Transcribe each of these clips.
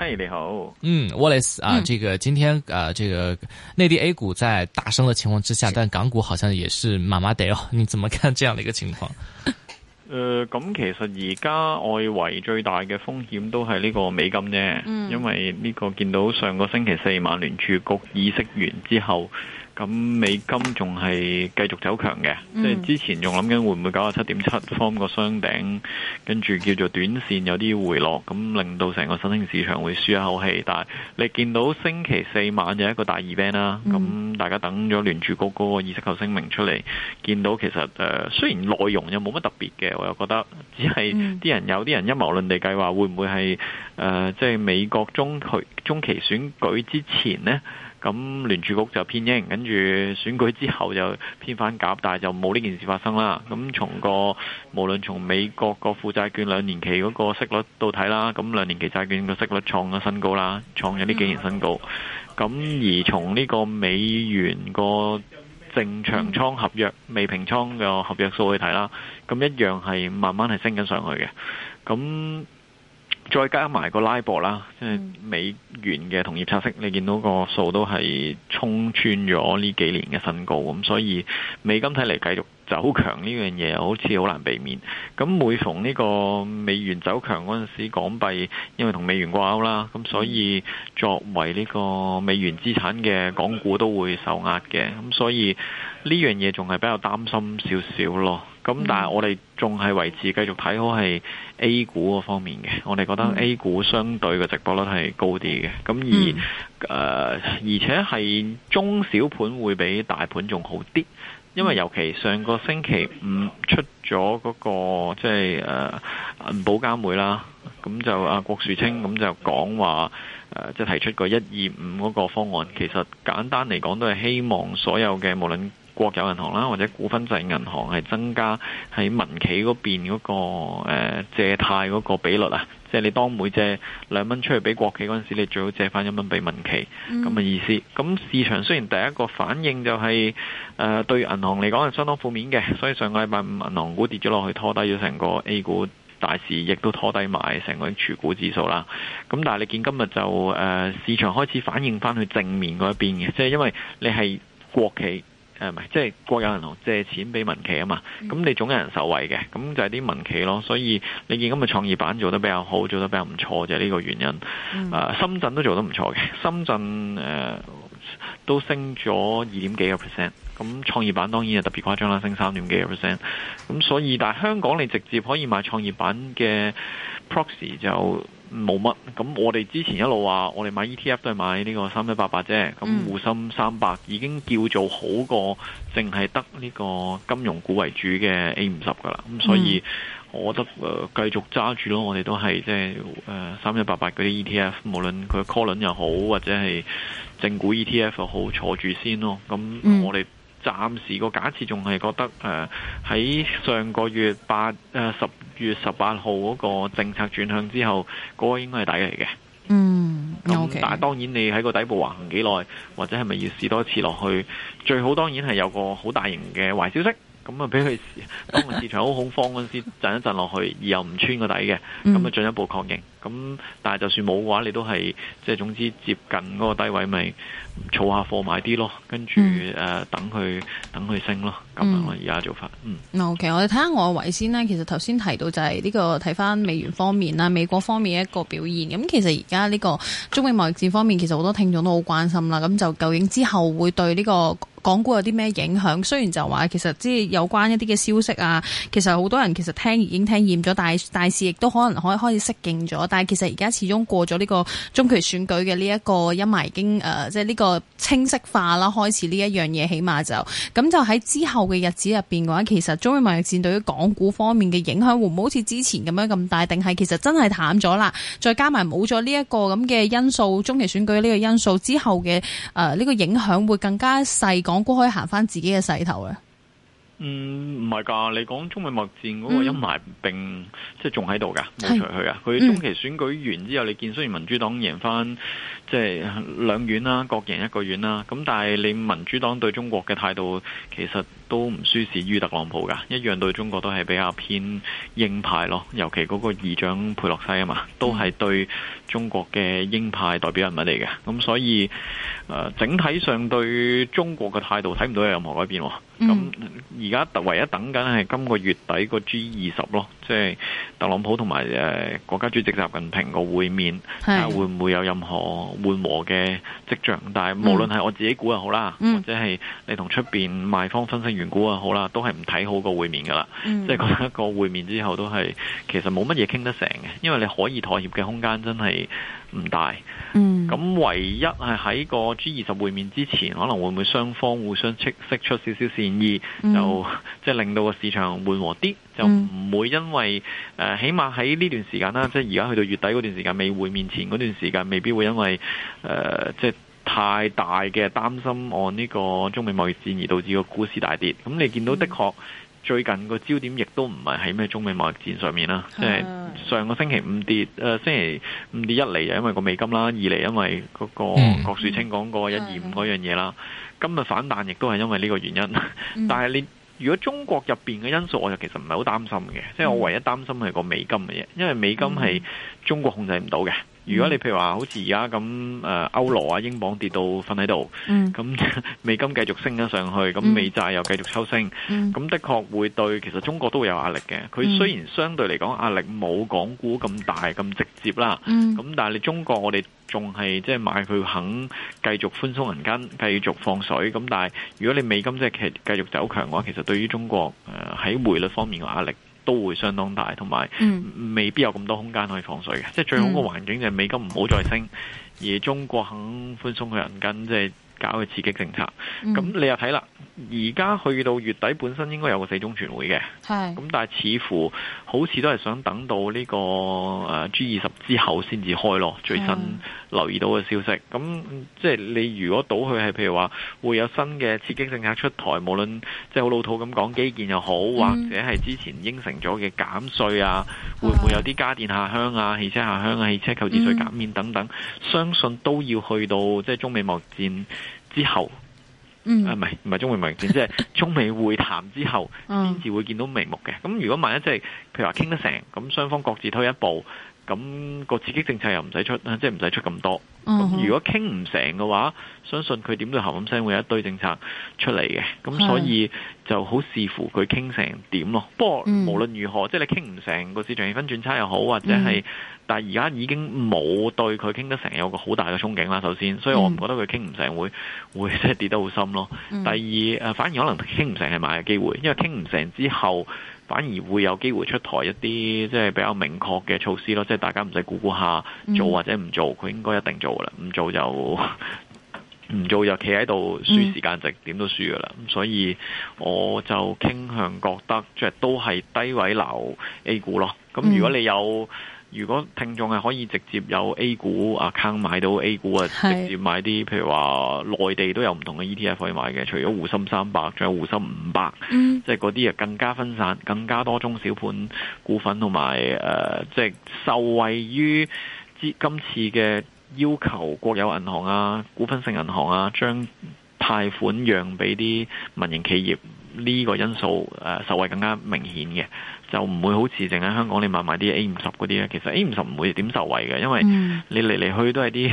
嗨，你好。嗯，Wallace 啊，這個今天啊，這個內地 A 股在大升的情況之下，但港股好像也是麻麻地哦。你怎麼看這樣的一個情況？誒、呃，咁其實而家外圍最大嘅風險都係呢個美金啫、嗯，因為呢個見到上個星期四美聯儲局議息完之後。咁美金仲係繼續走強嘅，即、嗯、係之前仲諗緊會唔會九十七點七方個雙頂，跟住叫做短線有啲回落，咁令到成個新興市場會舒一口氣。但係你見到星期四晚就一個大 event 啦、嗯，咁大家等咗聯儲局嗰個議息聲明出嚟，見到其實誒、呃、雖然內容又冇乜特別嘅，我又覺得只係啲人有啲人陰謀論，地計劃會唔會係誒即係美國中期中期選舉之前咧？咁聯儲局就偏鷹，跟住選舉之後就偏反鴿，但係就冇呢件事發生啦。咁從個無論從美國個負債券兩年期嗰個息率到睇啦，咁兩年期債券個息率創咗新高啦，創咗呢幾年新高。咁而從呢個美元個淨長倉合約未平倉嘅合約數去睇啦，咁一樣係慢慢係升緊上去嘅。咁再加埋個拉博啦，即係美元嘅同業拆息，你見到個數都係衝穿咗呢幾年嘅新高，咁所以美金睇嚟繼續走強呢樣嘢，好似好難避免。咁每逢呢個美元走強嗰陣時，港幣因為同美元掛鈎啦，咁所以作為呢個美元資產嘅港股都會受壓嘅，咁所以呢樣嘢仲係比較擔心少少咯。咁、嗯、但係我哋仲係維持繼續睇好係 A 股個方面嘅，我哋覺得 A 股相對嘅值搏率係高啲嘅。咁而誒、嗯呃，而且係中小盤會比大盤仲好啲，因為尤其上個星期五出咗嗰、那個即係誒銀保監會啦，咁就阿、啊、郭樹清咁就講話、呃、即係提出個一二五嗰個方案，其實簡單嚟講都係希望所有嘅無論。國有銀行啦，或者股份制銀行，係增加喺民企嗰邊嗰、那個、呃、借貸嗰個比率啊。即、就、係、是、你當每借兩蚊出去俾國企嗰陣時候，你最好借翻一蚊俾民企咁嘅、嗯、意思。咁市場雖然第一個反應就係、是呃、對銀行嚟講係相當負面嘅，所以上個禮拜五銀行股跌咗落去，拖低咗成個 A 股大市，亦都拖低埋成個恆股指數啦。咁但係你見今日就、呃、市場開始反應翻去正面嗰一邊嘅，即、就、係、是、因為你係國企。誒、嗯、咪，即係國有銀行借錢俾民企啊嘛，咁你總有人受惠嘅，咁就係啲民企咯。所以你見今日創業板做得比較好，做得比較唔錯就係呢個原因。誒、啊，深圳都做得唔錯嘅，深圳誒、呃、都升咗二點幾個 percent。咁創業板當然就特別誇張啦，升三點幾個 percent。咁所以，但係香港你直接可以買創業板嘅 proxy 就。冇乜，咁我哋之前一路話我哋買 ETF 都係買呢個三一八八啫，咁滬深三百已經叫做好過淨係得呢個金融股為主嘅 A 五十噶啦，咁所以我覺得誒、呃、繼續揸住咯，我哋都係即係誒三一八八嗰啲 ETF，無論佢 call 輪又好或者係正股 ETF 又好，坐住先咯，咁我哋。暫時個假設仲係覺得誒喺、呃、上個月八誒十月十八號嗰個政策轉向之後，嗰、嗰個應該係底嚟嘅。嗯，okay. 但係當然你喺個底部橫行幾耐，或者係咪要試多一次落去？最好當然係有個好大型嘅壞消息。咁啊，俾佢當個市場好恐慌嗰陣時，震一震落去，而又唔穿個底嘅，咁啊進一步確認。咁、嗯、但係就算冇嘅話，你都係即係總之接近嗰個低位咪，儲下貨買啲咯，跟住、呃、等佢等佢升咯，咁我而家做法。嗯，嗯，OK，我哋睇下我嘅位先呢。其實頭先提到就係呢、這個睇翻美元方面啦，美國方面一個表現。咁其實而家呢個中美貿易戰方面，其實好多聽眾都好關心啦。咁就究竟之後會對呢、這個港股有啲咩影響？雖然就話其實即係有關一啲嘅消息啊，其實好多人其實聽已經聽厭咗，但係大市亦都可能可以開始適應咗。但係其實而家始終過咗呢個中期選舉嘅呢一個，陰霾已經誒、呃，即係呢個清晰化啦，開始呢一樣嘢，起碼就咁就喺之後嘅日子入邊嘅話，其實中美貿易戰對於港股方面嘅影響會唔會好似之前咁樣咁大？定係其實真係淡咗啦？再加埋冇咗呢一個咁嘅因素，中期選舉呢個因素之後嘅誒呢個影響會更加細講。可以行翻自己嘅勢頭啊嗯，唔係噶，你講中美貿易戰嗰個陰霾並即係仲喺度噶，冇除去噶，佢中期選舉完之後，你見雖然民主黨贏翻。即係兩院啦，各贏一個院啦。咁但係你民主黨對中國嘅態度，其實都唔輸蝕於特朗普㗎，一樣對中國都係比較偏鷹派咯。尤其嗰個議長佩洛西啊嘛，都係對中國嘅鷹派代表人物嚟嘅。咁所以誒整體上對中國嘅態度睇唔到有任何改變，咁而家唯一等緊係今個月底個 G 二十咯，即係特朗普同埋誒國家主席習近平個會面，會唔會有任何？緩和嘅跡象，但係無論係我自己估又好啦、嗯，或者係你同出邊賣方分析員估又好啦，都係唔睇好個會面噶啦。即、嗯、係、就是、覺得個會面之後都係其實冇乜嘢傾得成嘅，因為你可以妥協嘅空間真係。唔大，咁、嗯、唯一係喺個 G 二十會面之前，可能會唔會雙方互相釋出少少善意，嗯、就即係、就是、令到個市場緩和啲，就唔會因為、呃、起碼喺呢段時間啦、嗯，即係而家去到月底嗰段時間，未會面前嗰段時間，未必會因為即係、呃就是、太大嘅擔心按呢個中美貿易戰而導致個股市大跌。咁你見到的確。嗯最近個焦點亦都唔係喺咩中美貿易戰上面啦，即係上個星期五跌，誒星期五跌一嚟，就因為個美金啦；二嚟因為嗰個郭樹清講過一二五嗰樣嘢啦。今日反彈亦都係因為呢個原因，但係你如果中國入邊嘅因素，我就其實唔係好擔心嘅，即係我唯一擔心係個美金嘅嘢，因為美金係中國控制唔到嘅。如果你譬如話好似而家咁誒歐羅啊、英鎊跌到瞓喺度，咁美金繼續升咗上去，咁美債又繼續抽升，咁的確會對其實中國都會有壓力嘅。佢雖然相對嚟講壓力冇港股咁大咁直接啦，咁但係你中國我哋仲係即係買佢肯繼續寬鬆銀根、繼續放水。咁但係如果你美金即係繼續走強嘅話，其實對於中國誒喺匯率方面嘅壓力都會相當大，同埋未必有咁多空間可以放水嘅，即係最好個環境就係美金唔好再升，而中國肯寬鬆去銀根，即係。搞嘅刺激政策，咁、嗯、你又睇啦，而家去到月底本身應該有個四中全會嘅，咁但係似乎好似都係想等到呢個 G 二十之後先至開咯。最新留意到嘅消息，咁即係你如果倒去係譬如話會有新嘅刺激政策出台，無論即係好老土咁講基建又好、嗯，或者係之前應承咗嘅減稅啊，會唔會有啲家電下鄉啊、汽車下鄉啊、汽車購置稅減免等等、嗯，相信都要去到即係、就是、中美貿戰。之後，嗯，啊，唔係，唔係中美面戰，即係中美會談之後先至會見到眉目嘅。咁如果萬一即係，譬如話傾得成，咁雙方各自推一步。咁、嗰個刺激政策又唔使出，即係唔使出咁多。咁、uh-huh. 如果傾唔成嘅話，相信佢點都喉咁聲會有一堆政策出嚟嘅。咁、uh-huh. 所以就好視乎佢傾成點咯。不過無論如何，uh-huh. 即係你傾唔成個市場氣氛轉差又好，或者係，uh-huh. 但係而家已經冇對佢傾得成有個好大嘅憧憬啦。首先，所以我唔覺得佢傾唔成會會即係跌得好深咯。Uh-huh. 第二，反而可能傾唔成係買嘅機會，因為傾唔成之後。反而會有機會出台一啲即係比較明確嘅措施咯，即係大家唔使估估下做或者唔做，佢應該一定做噶啦，唔做就唔做就企喺度輸時間值，點都輸噶啦。咁所以我就傾向覺得即係都係低位留 A 股咯。咁如果你有。如果聽眾係可以直接有 A 股 account 買到 A 股啊，直接買啲譬如話內地都有唔同嘅 ETF 可以買嘅，除咗滬深三百，仲有滬深五百，即係嗰啲啊更加分散，更加多中小盤股份同埋誒即係受惠於今次嘅要求，國有銀行啊，股份性銀行啊，將貸款讓俾啲民營企業。呢、這個因素誒受惠更加明顯嘅，就唔會好似淨喺香港你買埋啲 A 五十嗰啲咧，其實 A 五十唔會點受惠嘅，因為你嚟嚟去都係啲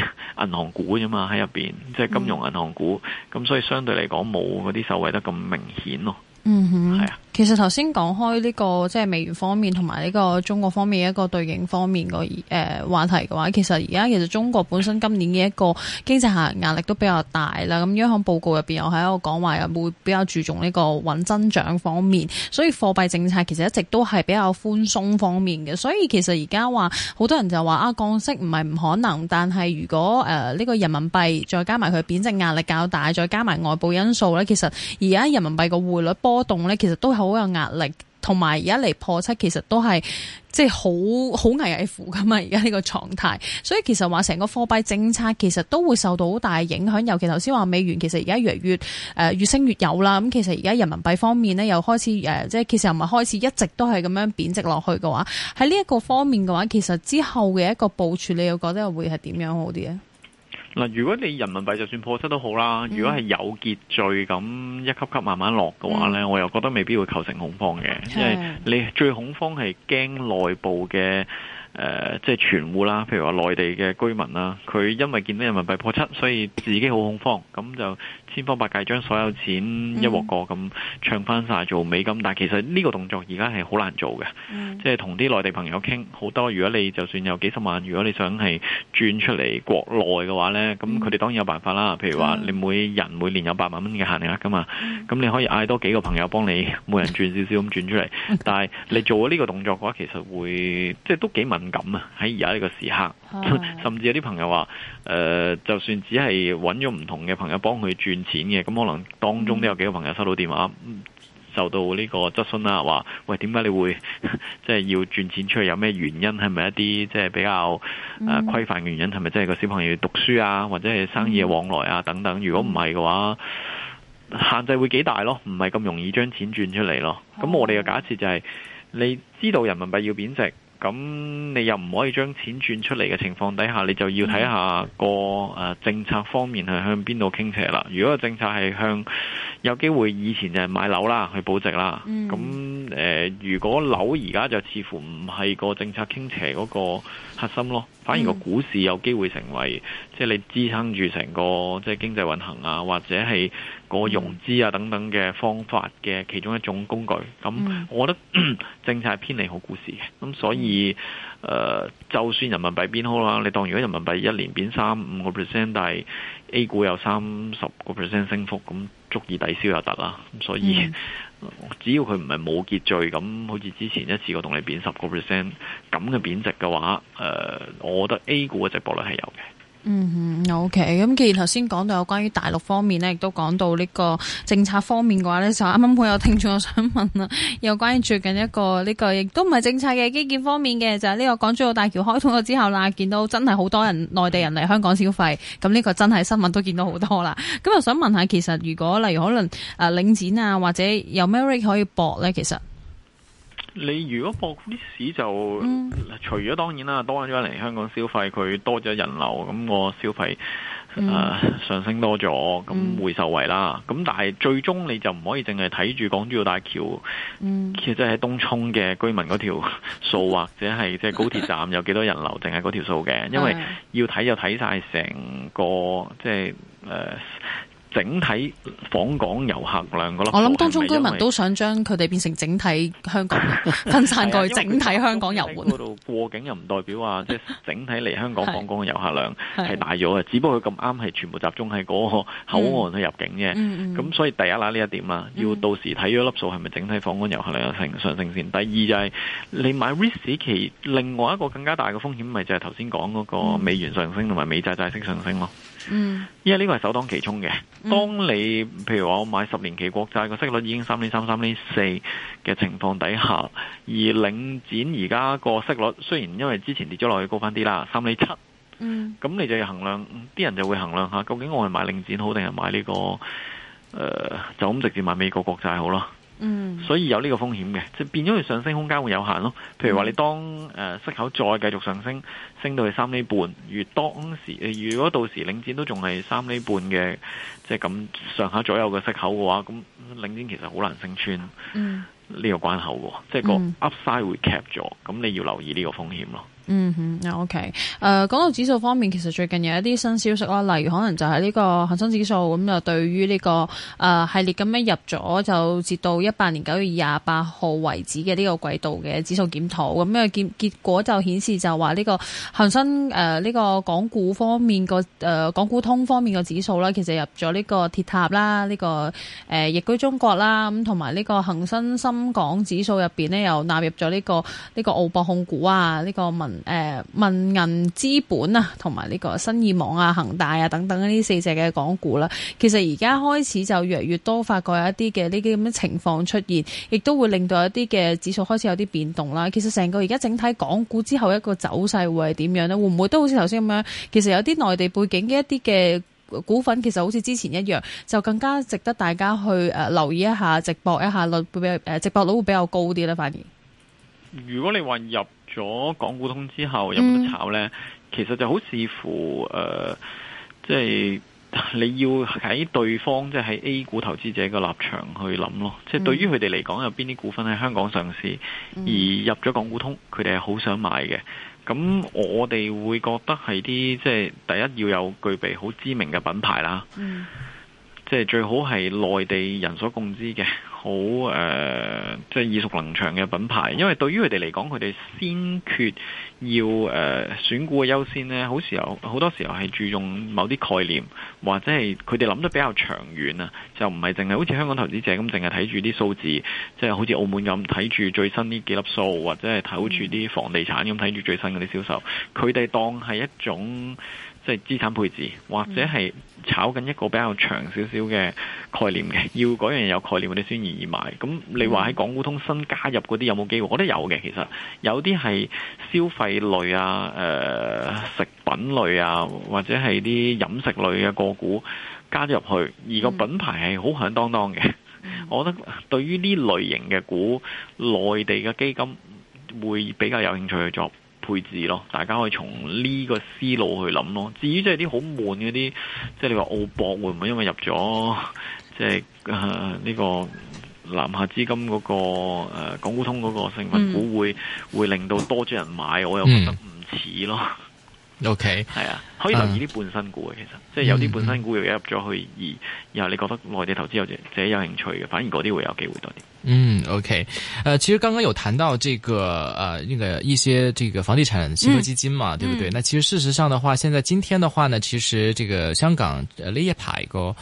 銀行股啫嘛，喺入邊即係金融銀行股，咁、嗯、所以相對嚟講冇嗰啲受惠得咁明顯咯。嗯哼，係啊。其實頭先講開呢個即係美元方面同埋呢個中國方面一個對應方面個、呃、話題嘅話，其實而家其實中國本身今年嘅一個經濟下壓力都比較大啦。咁央行報告入面又喺一個講話又會比較注重呢個穩增長方面，所以貨幣政策其實一直都係比較寬鬆方面嘅。所以其實而家話好多人就話啊降息唔係唔可能，但係如果呢、呃呢個人民幣再加埋佢貶值壓力較大，再加埋外部因素咧，其實而家人民幣個匯率波動咧，其實都係，好有壓力，同埋而家嚟破七，其實都係即係好好危危乎噶嘛。而家呢個狀態，所以其實話成個貨幣政策其實都會受到好大嘅影響。尤其頭先話美元，其實而家越嚟越誒、呃、越升越有啦。咁其實而家人民幣方面咧，又開始誒即係其實又唔係開始一直都係咁樣貶值落去嘅話，喺呢一個方面嘅話，其實之後嘅一個部署，你又覺得會係點樣好啲咧？嗱，如果你人民幣就算破七都好啦，如果係有秩序咁一級級慢慢落嘅話呢、嗯，我又覺得未必會構成恐慌嘅，因為、就是、你最恐慌係驚內部嘅。誒、呃，即係全戶啦，譬如話內地嘅居民啦，佢因為見到人民幣破七，所以自己好恐慌，咁就千方百計將所有錢一鑊過咁唱翻曬做美金。但其實呢個動作而家係好難做嘅、嗯，即係同啲內地朋友傾好多。如果你就算有幾十萬，如果你想係轉出嚟國內嘅話呢，咁佢哋當然有辦法啦。譬如話你每人每年有八萬蚊嘅限額㗎嘛，咁你可以嗌多幾個朋友幫你每人轉少少咁轉出嚟。但係你做咗呢個動作嘅話，其實會即係都幾咁啊！喺而家呢個時刻，甚至有啲朋友話：誒、呃，就算只係揾咗唔同嘅朋友幫佢轉錢嘅，咁可能當中都有幾個朋友收到電話，受到呢個質詢啦，話：喂，點解你會即係、就是、要轉錢出去有咩原因？係咪一啲即係比較誒規範嘅原因？係咪即係個小朋友讀書啊，或者係生意嘅往來啊等等？如果唔係嘅話，限制會幾大咯，唔係咁容易將錢轉出嚟咯。咁我哋嘅假設就係、是，你知道人民幣要貶值。咁你又唔可以將錢轉出嚟嘅情況底下，你就要睇下個誒政策方面係向邊度傾斜啦。如果個政策係向，有機會以前就係買樓啦，去保值啦。咁、嗯、誒、呃，如果樓而家就似乎唔係個政策傾斜嗰個核心咯，反而個股市有機會成為即係、嗯就是、你支撐住成個即係、就是、經濟運行啊，或者係個融資啊等等嘅方法嘅其中一種工具。咁我覺得、嗯、 政策係偏利好股市嘅。咁所以誒、嗯呃，就算人民幣變好啦，你當如果人民幣一年變三五個 percent，但係 A 股有三十個 percent 升幅咁。足以抵消又得啦，所以只要佢唔係冇結罪咁，好似之前一次過同你貶十個 percent 咁嘅貶值嘅話，誒，我覺得 A 股嘅值搏率係有嘅。嗯哼，OK，咁其實頭先講到有關於大陸方面呢，亦都講到呢個政策方面嘅話呢，就啱啱會有聽眾想問啦，有關於最近一個呢、這個亦都唔係政策嘅基建方面嘅，就係、是、呢個港珠澳大橋開通咗之後啦，見到真係好多人內地人嚟香港消費，咁呢個真係新聞都見到好多啦。咁我想問下，其實如果例如可能誒領展啊，或者有咩可以搏呢？其實。你如果博啲市就，除咗當然啦，多咗嚟香港消費，佢多咗人流，咁我消費、呃、上升多咗，咁會受惠啦。咁、嗯、但係最終你就唔可以淨係睇住港珠澳大橋，其實喺東涌嘅居民嗰條數，或者係即係高鐵站有幾多人流，淨係嗰條數嘅，因為要睇就睇晒成個即係、呃整體訪港遊客量，我諗當中居民都想將佢哋變成整體香港 分散過去整體香港遊玩。 啊、過境又唔代表啊即係整體嚟香港訪港嘅遊客量係大咗嘅， 只不過佢咁啱係全部集中喺嗰個口岸去入境啫。咁、嗯、所以第一啦呢、嗯、一點啦，要到時睇咗粒數係咪整體訪港遊客量上升先、嗯。第二就係、是、你買 risk 期，另外一個更加大嘅風險咪就係頭先講嗰個美元上升同埋、嗯、美債債息上升咯。嗯，因為呢個係首當其衝嘅。當你譬如話我買十年期國債個息率已經三點三、三點四嘅情況底下，而領展而家個息率雖然因為之前跌咗落去高返啲啦，三點七，嗯，咁你就要衡量，啲人就會衡量吓，究竟我係買領展好定係買呢、這個誒、呃，就咁直接買美國國債好咯。嗯，所以有呢個風險嘅，即係變咗佢上升空間會有限咯。譬如話你當誒息口再繼續上升，升到去三厘半，如當時、呃、如果到時領展都仲係三厘半嘅，即係咁上下左右嘅息口嘅話，咁領展其實好難升穿呢個關口，即係、嗯即係、個 upside 會 cap 咗，咁你要留意呢個風險咯。嗯哼，嗱 OK，誒，講到指數方面，其實最近有一啲新消息啦，例如可能就係呢個恒生指數咁，就對於呢、這個誒、呃、系列咁樣入咗，就至到一八年九月廿八號為止嘅呢個季度嘅指數檢討，咁嘅結結果就顯示就話呢個恒生誒呢、呃這個港股方面個誒、呃、港股通方面嘅指數啦，其實入咗呢個鐵塔啦，呢、這個誒易、呃、居中國啦，咁同埋呢個恒生深港指數入邊咧又納入咗呢個呢、這個澳博控股啊，呢、這個文。誒、呃，民銀資本、這個、啊，同埋呢個新意網啊、恒大啊等等呢四隻嘅港股啦，其實而家開始就越嚟越多，發覺有一啲嘅呢啲咁嘅情況出現，亦都會令到一啲嘅指數開始有啲變動啦。其實成個而家整體港股之後一個走勢會係點樣呢？會唔會都好似頭先咁樣？其實有啲內地背景嘅一啲嘅股份，其實好似之前一樣，就更加值得大家去誒、呃、留意一下、值搏一下率會比誒值搏率會比較高啲咧。反而如果你話入咗港股通之後有冇得炒呢、嗯？其實就好似乎好視乎誒，即、呃、係、就是、你要喺對方，即係喺 A 股投資者嘅立場去諗咯。即、就、係、是、對於佢哋嚟講，有邊啲股份喺香港上市，而入咗港股通，佢哋係好想買嘅。咁我哋會覺得係啲即係第一要有具備好知名嘅品牌啦，即、就、係、是、最好係內地人所共知嘅。好誒，即、呃、係、就是、耳熟能詳嘅品牌，因為對於佢哋嚟講，佢哋先決要誒、呃、選股嘅優先呢好時候，好多時候係注重某啲概念，或者係佢哋諗得比較長遠啊，就唔係淨係好似香港投資者咁，淨係睇住啲數字，即、就、係、是、好似澳門咁睇住最新呢幾粒數，或者係睇住啲房地產咁睇住最新嗰啲銷售，佢哋當係一種。即係資產配置，或者係炒緊一個比較長少少嘅概念嘅，要嗰樣有概念，我哋先願意買。咁你話喺港股通新加入嗰啲有冇機會？我都有嘅，其實有啲係消費類啊、呃、食品類啊，或者係啲飲食類嘅個股加咗入去，而個品牌係好響當當嘅。我覺得對於呢類型嘅股，內地嘅基金會比較有興趣去做。配置咯，大家可以從呢個思路去諗咯。至於即係啲好悶嗰啲，即係你話澳博會唔會因為入咗即係呢個南下資金嗰、嗰個、呃、港股通嗰個成份股會會會令到多咗人買，我又覺得唔似咯。嗯 O K，係啊，可以留意啲半新股嘅、嗯，其實即係有啲半新股又入咗去，而、嗯、然後你覺得內地投資有自己有興趣嘅，反而嗰啲會有機會多啲。嗯，O K，誒，其實剛剛有談到這個，誒、呃，那個一些這個房地產信託基金嘛，嗯、對唔對、嗯？那其實事實上嘅話，現在今天嘅話呢，其實這個香港呢一排個、哦。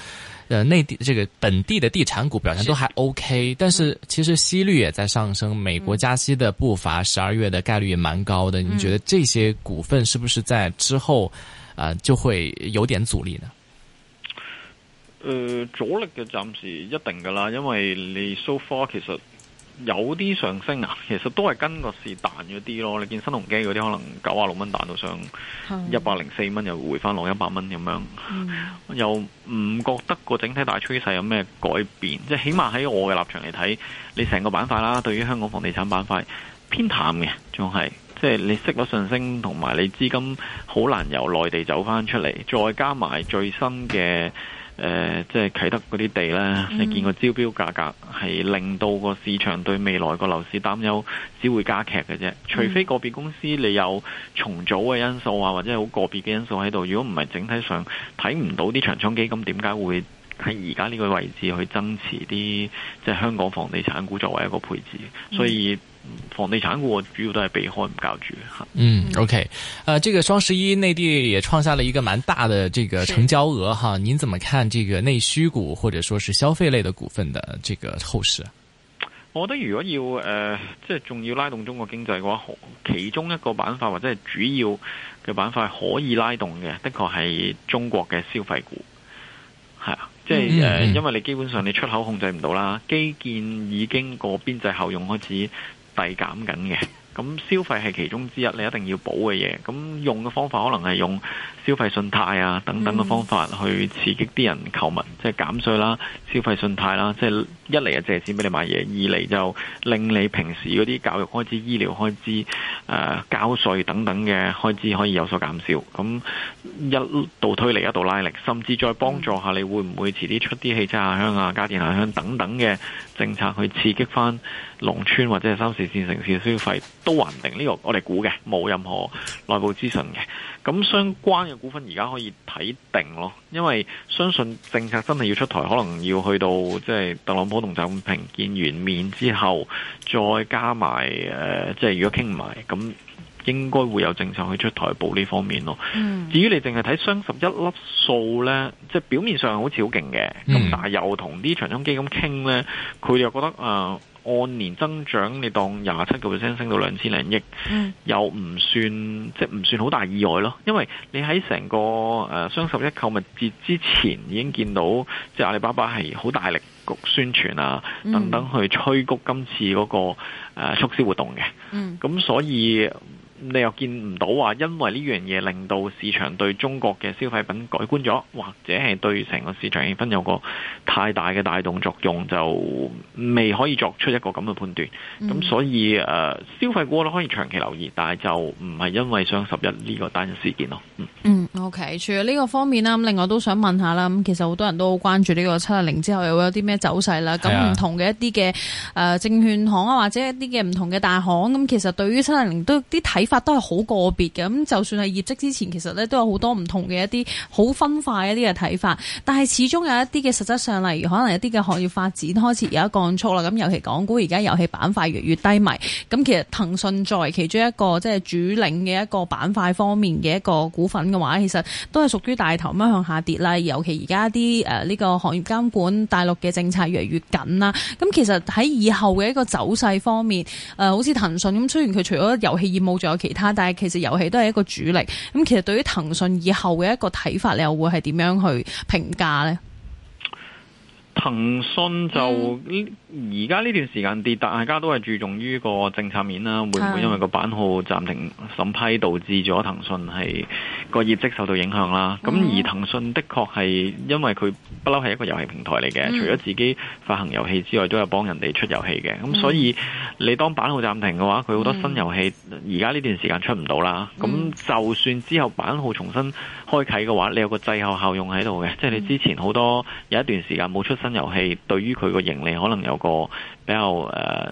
呃，內地這個本地的地產股表現都還 OK，是但是其實息率也在上升，美國加息的步伐，十二月的概率也蠻高的、嗯。你覺得這些股份是不是在之後，啊、呃，就會有點阻力呢？呃，阻力嘅暫時一定嘅啦，因為你 so far 其實。有啲上升啊，其實都係跟個市彈咗啲咯。你見新鴻基嗰啲可能九啊六蚊彈到上一百零四蚊，又回翻落一百蚊咁樣，嗯、又唔覺得個整體大趨勢有咩改變。即係起碼喺我嘅立場嚟睇，你成個板塊啦，對於香港房地產板塊偏淡嘅，仲係即係你息率上升，同埋你資金好難由內地走翻出嚟，再加埋最新嘅。誒、呃，即係啟德嗰啲地呢、嗯、你見個招標價格係令到個市場對未來個樓市擔憂，只會加劇嘅啫。除非個別公司你有重組嘅因素啊，或者係好個別嘅因素喺度。如果唔係，整體上睇唔到啲長倉基金點解會？喺而家呢個位置去增持啲即係香港房地產股作為一個配置，嗯、所以房地產股我主要都係避開唔搞住吓。嗯、嗯，OK，誒、uh，這個雙十一內地也創下了一個蠻大的這個成交額哈，您怎麼看這個內需股或者說是消費類的股份的這個後市？我覺得如果要誒，即係仲要拉動中國經濟嘅話，其中一個板塊或者係主要嘅板塊可以拉動嘅，的確係中國嘅消費股，係啊。即係因為你基本上你出口控制唔到啦，基建，已經個邊際效用開始遞減緊嘅，咁消費係其中之一，你一定要補嘅嘢。咁用嘅方法可能係用消費信貸啊等等嘅方法去刺激啲人購物。即係減稅啦、消費信貸啦，即係一嚟啊借錢俾你買嘢，二嚟就令你平時嗰啲教育開支、醫療開支、呃、交稅等等嘅開支可以有所減少。咁一度推力，一度拉力，甚至再幫助下你，會唔會遲啲出啲汽車下鄉啊、家電下鄉等等嘅？政策去刺激翻農村或者係三四線城市消費都話唔定呢，呢個我哋估嘅冇任何內部資訊嘅，咁相關嘅股份而家可以睇定咯，因為相信政策真係要出台，可能要去到即係、就是、特朗普同習近平見完面之後再加埋誒、呃、即係如果傾唔埋咁。應該會有政策去出台補呢方面咯。嗯、至於你淨係睇雙十一粒數呢，即係表面上好似好勁嘅，咁、嗯、但又同啲長通基金傾呢，佢又覺得啊、呃，按年增長你當廿七個 percent 升到兩千零億，嗯、又唔算即係唔算好大意外咯。因為你喺成個、呃、雙十一購物節之前已經見到，即係阿里巴巴係好大力宣傳啊，等等去催谷今次嗰、那個促銷、呃、活動嘅。咁、嗯、所以你又見唔到話，因為呢樣嘢令到市場對中國嘅消費品改觀咗，或者係對成個市場氣氛有個太大嘅帶動作用，就未可以作出一個咁嘅判斷。咁、嗯、所以誒、呃，消費股可以長期留意，但係就唔係因為雙十一呢個單一事件咯。嗯、嗯，OK。除咗呢個方面啦，咁另外都想問一下啦。咁其實好多人都好關注呢個七零零之後又會有啲咩走勢啦。咁唔同嘅一啲嘅誒證券行啊，或者一啲嘅唔同嘅大行咁，其實對於七零零都啲睇。都係好個別嘅，咁就算係業績之前，其實咧都有好多唔同嘅一啲好分化一啲嘅睇法，但係始終有一啲嘅實質上，例如可能一啲嘅行業發展開始而家降速啦，咁尤其港股而家遊戲板塊越嚟越低迷，咁其實騰訊作為其中一個即係主領嘅一個板塊方面嘅一個股份嘅話，其實都係屬於大頭咁樣向下跌啦。尤其而家啲誒呢個行業監管大陸嘅政策越嚟越緊啦，咁其實喺以後嘅一個走勢方面，誒、呃、好似騰訊咁，雖然佢除咗遊戲業務仲有。其他，但係其實遊戲都係一個主力。咁其實對於騰訊以後嘅一個睇法，你又會係點樣去評價呢？騰訊就而家呢段時間跌，大家都係注重於個政策面啦，會唔會因為個版號暫停審批導致咗騰訊係個業績受到影響啦？咁、嗯、而騰訊的確係因為佢不嬲係一個遊戲平台嚟嘅，嗯，除咗自己發行遊戲之外，都有幫人哋出遊戲嘅。咁、嗯、所以你當版號暫停嘅話，佢好多新遊戲而家呢段時間出唔到啦。咁、嗯、就算之後版號重新開啟嘅話，你有個滯後效用喺度嘅，即、嗯、係、就是、你之前好多有一段時間冇出新。遊戲對於佢個盈利可能有個比較誒，uh,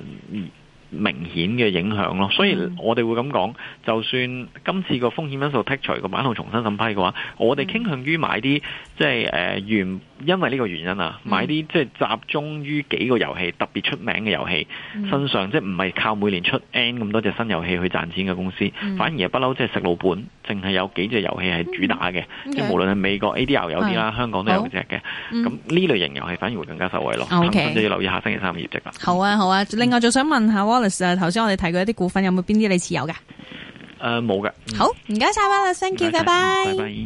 明顯嘅影響咯，所以我哋會咁講，就算今次個風險因素剔除個版號重新審批嘅話，我哋傾向於買啲即係誒原因為呢個原因啊，買啲即係集中於幾個遊戲特別出名嘅遊戲、嗯、身上，即係唔係靠每年出 N 咁多隻新遊戲去賺錢嘅公司，嗯、反而不嬲即係食老本，淨係有幾隻遊戲係主打嘅，嗯、okay, 即係無論係美國 ADR 有啲啦，香港都有隻嘅，咁呢類型遊戲反而會更加受惠咯。O、okay, 就要留意下星期三嘅業績啦。好啊，好啊，另外仲想問一下、嗯嗯誒，頭先我哋睇過一啲股份，有冇邊啲你持有㗎？誒、呃，冇嘅、嗯。好，唔該晒啦，thank you，拜拜。拜拜拜拜。